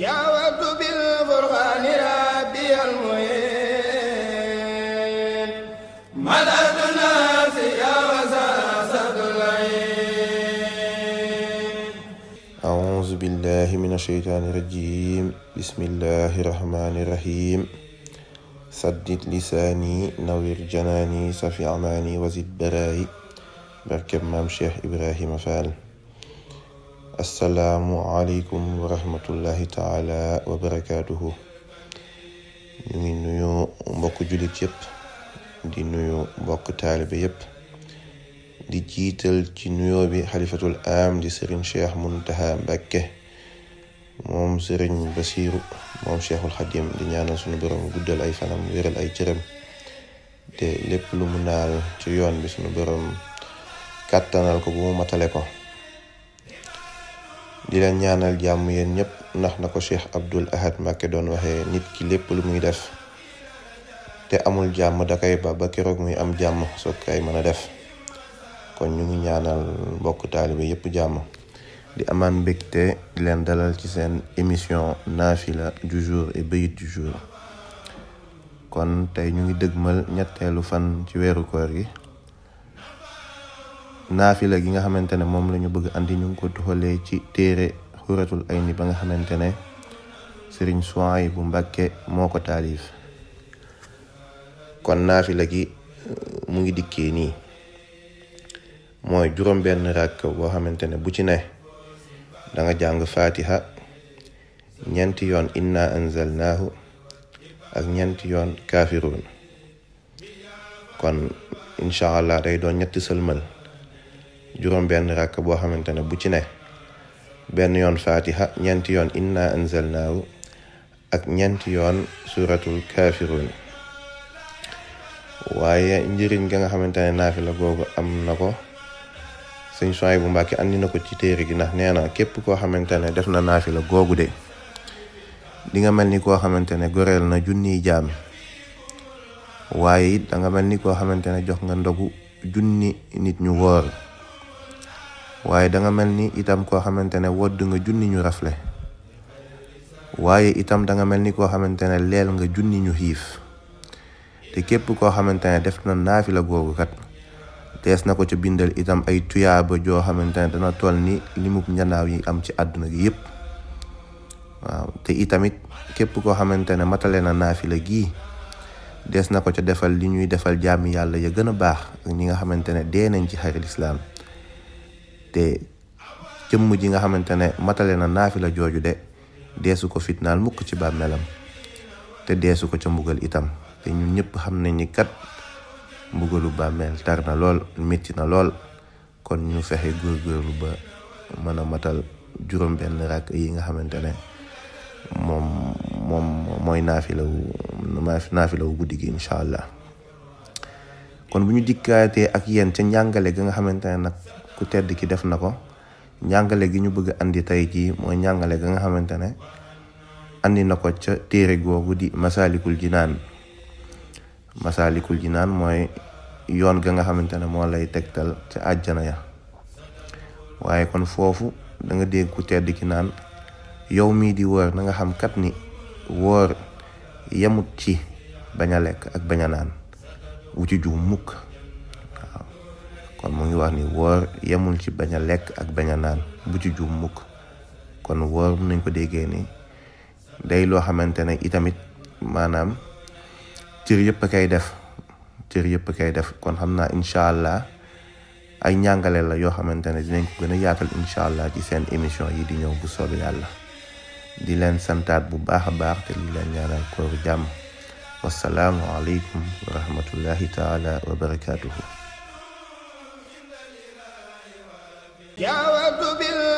يا وقت بالفرقان ربي المعين مدد الناس يا وساسة العين أعوذ بالله من الشيطان الرجيم بسم الله الرحمن الرحيم سدد لساني نوير جناني صفي أماني وزد برائي بركب مام شيخ إبراهيم فال asalaamualeykum wa rahmatullahi taala wa barakaatuhu ñu ngi nuyu mbokk jullit di nuyu mbokk taalibe yëpp di jiital ci nuyoo bi xalifatul am di sëriñ cheikh muntaha mbàkke moom sëriñ basiru moom cheikhul xadim di ñaanal suñu borom guddal ay fanam wéral ay cëram te lépp lu mu ci yoon bi suñu borom kàttanal ko bu mu matale ko di leen ñaanal jàmm yéen ñëpp ndax na ko Cheikh Abdoul Ahad Mbacké doon waxee nit ki lépp lu muy def te amul jàmm da koy ba ba keroog muy am jàmm soog kay mën a def kon ñu ngi ñaanal mbokk taalibe yëpp jàmm di amaan mbégte di leen dalal ci seen émission naafila ju jour et bayit du jour kon tey ñu ngi dëgmal ñetteelu fan ci weeru koor gi naafila gi nga xamante ne moom la ñu bëgg andi ñu ngi ko doxalee ci téere xuratul ay ni ba nga xamante ne sëriñ yi bu mbàkke moo ko taalif kon naafila gi mu ngi dikkee nii mooy juróom benn ràkk boo xamante ne bu ci ne da jàng fatiha ñeenti yoon inna anzalnaahu ak ñeenti yoon kaafiruun kon incha allah day doon ñetti sëlmal juróom benn ràkk boo xamante ne bu ci ne benn yoon fatiha ñeenti yoon inna anzalnaahu ak ñeenti yoon suratul kafirun waaye njëriñ ga nga xamante ne naafila googu am na ko sëñ soy bu Mbàkke andi na ko ci téere gi ndax nee na képp koo xamante ne def na naafila googu de di nga mel ni koo xamante ne goreel na junniy jaam waaye it da nga mel ni koo xamante ne jox nga ndogu junni nit ñu wóor waaye danga mel ni itam koo xamante ne wodd nga junni ñu rafle waaye itam danga mel ni koo xamante ne leel nga junni ñu xiif te képp koo xamante ne def na naafila googu des na ko ca bindal itam ay tuyaaba joo xamante ne dana toll ni limub njanaaw yi am ci àdduna gi yépp waaw te itamit képp koo xamante ne matale na naafila gii des na ko ca defal li ñuy defal jàmm yàlla ya gën a baax ak ñi nga xamante ne dee nañ ci xare lislaam te jëmm ji nga xamante ne matale na naafila jooju de deesu ko fitnaal mukk ci bàmmeelam te deesu ko ca mbugal itam te ñun ñëpp xam nañ ni kat mbugalu bàmmeel tar na lool métti na lool kon ñu fexe góorgóorlu ba mën a matal juróom benn rakk yi nga xamante ne moom moom mooy naafilawu naafilawu guddi gi incha allah kon bu ñu dikkaatee ak yenn ca njàngale ga nga xamante ne nag ku tedd ki def na ko njàngale gi ñu bëgg andi tey jii mooy njàngale ga nga xamante ne andi na ko ca téere googu di masaalikul jinaan masaalikul jinaan mooy yoon ga nga xamante ne moo lay tegtal ca àjjana ya waaye kon foofu danga nga dégg ku tedd ki naan yow mii di wóor na nga xam kat ni woor yemut ci bañ a lekk ak bañ a naan wu ci mukk kon mu ngi wax ni woor yemul ci bañ a lekk ak bañ a naan bu ci juum mukk kon woor mën nañ ko déggee ni day loo xamante ne itamit maanaam cër yëpp kay def cër yëpp kay def kon xam naa incha allah ay njàngale la yoo xamante ne dinañ ko gën a yaatal incha allah ci seen émission yi di ñëw bu soobee yàlla di leen santaat bu baax a baax te li leen ñaanal kooru jàmm wasalaamu aleykum wa rahmatullahi taala wa barakaatuhu يا ود بال